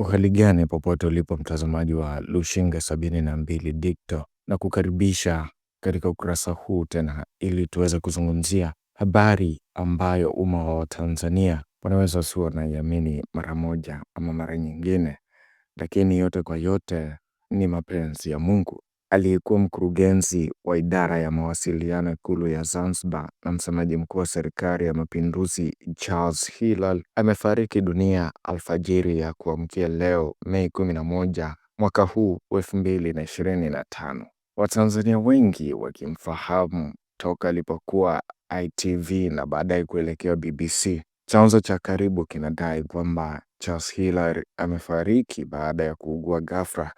Uhali gani popote ulipo mtazamaji wa Lushinge sabini na mbili Dikto na kukaribisha katika ukurasa huu tena ili tuweze kuzungumzia habari ambayo umma wa watanzania wanaweza si wanaiamini mara moja ama mara nyingine, lakini yote kwa yote ni mapenzi ya Mungu Aliyekuwa mkurugenzi wa idara ya mawasiliano Ikulu ya Zanzibar na msemaji mkuu wa Serikali ya Mapinduzi Charles Hilal amefariki dunia alfajiri ya kuamkia leo Mei 11 mwaka huu 2025. Watanzania wengi wakimfahamu toka alipokuwa ITV na baadaye kuelekea BBC. Chanzo cha karibu kinadai kwamba Charles Hilal amefariki baada ya kuugua ghafla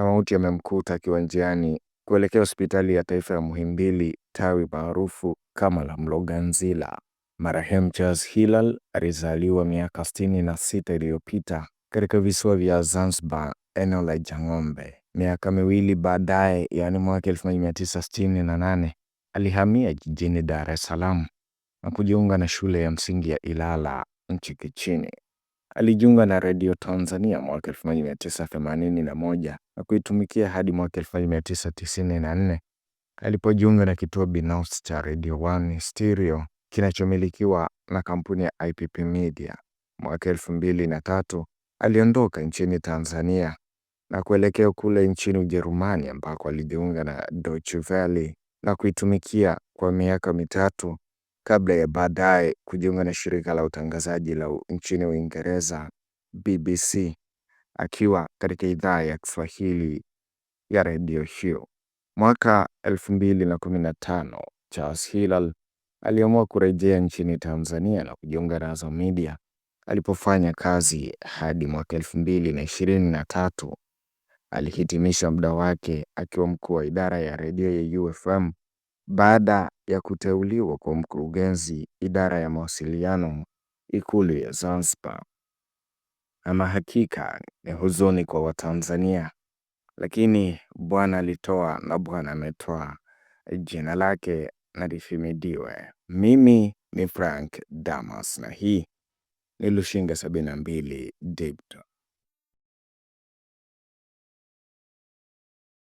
na mauti yamemkuta akiwa njiani kuelekea hospitali ya taifa ya Muhimbili, tawi maarufu kama la Mloganzila. Marehemu Charles Hilal alizaliwa miaka 66 iliyopita katika visiwa vya Zanzibar, eneo la Jang'ombe. Miaka miwili baadaye, yaani mwaka 1968, alihamia jijini Dar es Salaam na kujiunga na shule ya msingi ya Ilala Nchikichini. Alijiunga na redio Tanzania mwaka 1981 na kuitumikia hadi mwaka 1994 alipojiunga na kituo binafsi cha Radio One Stereo kinachomilikiwa na kampuni ya IPP Media. Mwaka tatu aliondoka nchini Tanzania na kuelekea kule nchini Ujerumani ambako alijiunga na Deutsche Welle na kuitumikia kwa miaka mitatu kabla ya baadaye kujiunga na shirika la utangazaji la nchini Uingereza BBC akiwa katika idhaa ya Kiswahili ya redio hiyo. Mwaka 2015 Charles Hilal aliamua kurejea nchini Tanzania na kujiunga na Azam Media alipofanya kazi hadi mwaka 2023. Alihitimisha muda wake akiwa mkuu wa idara ya redio ya UFM baada ya kuteuliwa kwa mkurugenzi idara ya mawasiliano Ikulu ya Zanzibar. Ama hakika ni huzuni kwa Watanzania, lakini Bwana alitoa na Bwana ametoa, jina lake na lihimidiwe. Mimi ni Frank Damas na hii ni Lushinga 72 Digital.